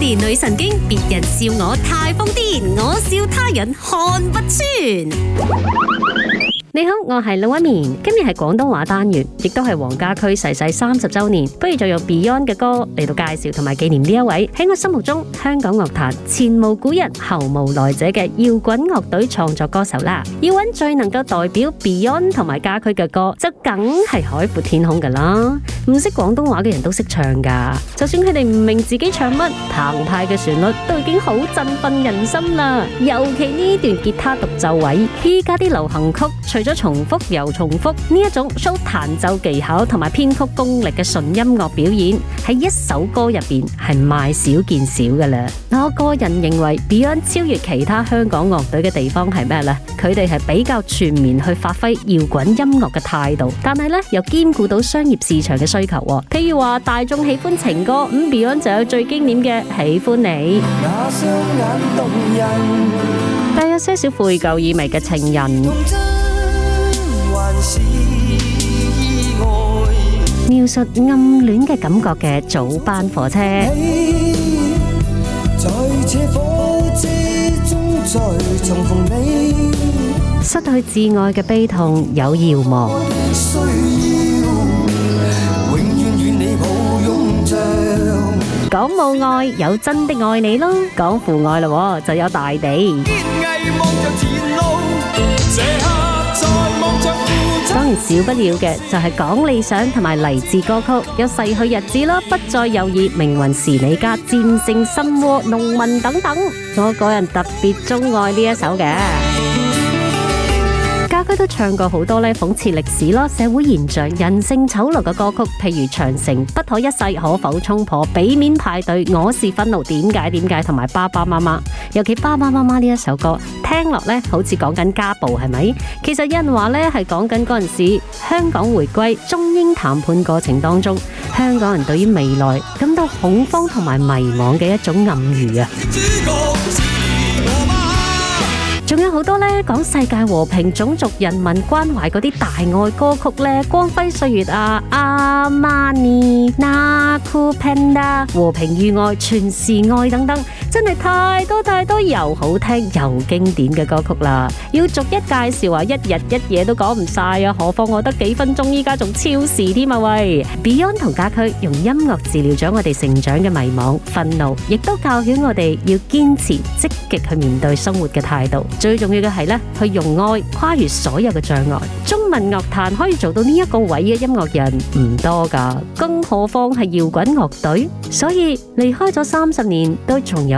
年女神經，別人笑我太瘋癲，我笑他人看不穿。你好，我係龍紋敏，今日係廣東話單元，亦都係黃家駒逝世三十周年，不如就用 Beyond 嘅歌嚟到介紹同埋紀念呢一位喺我心目中香港樂壇前無古人後無來者嘅搖滾樂隊創作歌手啦。要揾最能夠代表 Beyond 同埋家駒嘅歌，就梗係《海闊天空》㗎啦。唔識廣東話嘅人都識唱㗎，就算佢哋唔明自己唱乜，澎湃嘅旋律都已經好振奮人心啦。尤其呢段吉他獨奏位，依家啲流行曲除咗重複又重複呢一種 show 彈奏技巧同埋編曲功力嘅純音樂表演，喺一首歌入邊係賣少見少㗎啦。我個人認為 Beyond 超越其他香港樂隊嘅地方係咩咧？佢哋係比較全面去發揮搖滾音樂嘅態度，但係咧又兼顧到商業市場嘅需需求譬如話，大眾喜歡情歌，咁 Hey. Beyond 就有最經典嘅《喜歡你》，帶有些少懷舊意味嘅情人，是是描述暗戀嘅感覺嘅早班火車，車火車失去至愛嘅悲痛有遙望。講母愛，有真的愛你咯，講父愛啦，就有大地。當然少不了嘅就係、是、講理想同埋勵志歌曲，有逝去日子咯，不再猶豫，命運是你家，戰勝心魔，農民等等。我個人特別鍾愛呢一首嘅。家駒都唱過好多咧，諷刺歷史咯、社會現象、人性醜陋嘅歌曲，譬如《長城》、《不可一世》、《可否衝破》、《俾面派對》、《我是憤怒》、點解點解同埋《爸爸媽媽》。尤其《爸爸媽媽》呢一首歌，聽落咧好似講緊家暴，係咪？其實有人話咧係講緊嗰陣時香港回歸、中英談判過程當中，香港人對於未來感到恐慌同埋迷茫嘅一種暗喻啊！仲有好多呢，講世界和平、種族人民關懷嗰啲大愛歌曲呢，光輝歲月啊，阿曼尼、Nakupenda、和平與愛、全是愛等等。真係太多太多又好聽又經典嘅歌曲啦，要逐一介紹啊，一日一夜都講唔晒啊，何況我得幾分鐘，依家仲超時添啊喂！Beyond 同家駒用音樂治療咗我哋成長嘅迷茫、憤怒，亦都教曉我哋要堅持、積極去面對生活嘅態度。最重要嘅係呢，去用愛跨越所有嘅障礙。中文樂壇可以做到呢一個位嘅音樂人唔多㗎，更何況係搖滾樂隊。所以離開咗三十年都仲有。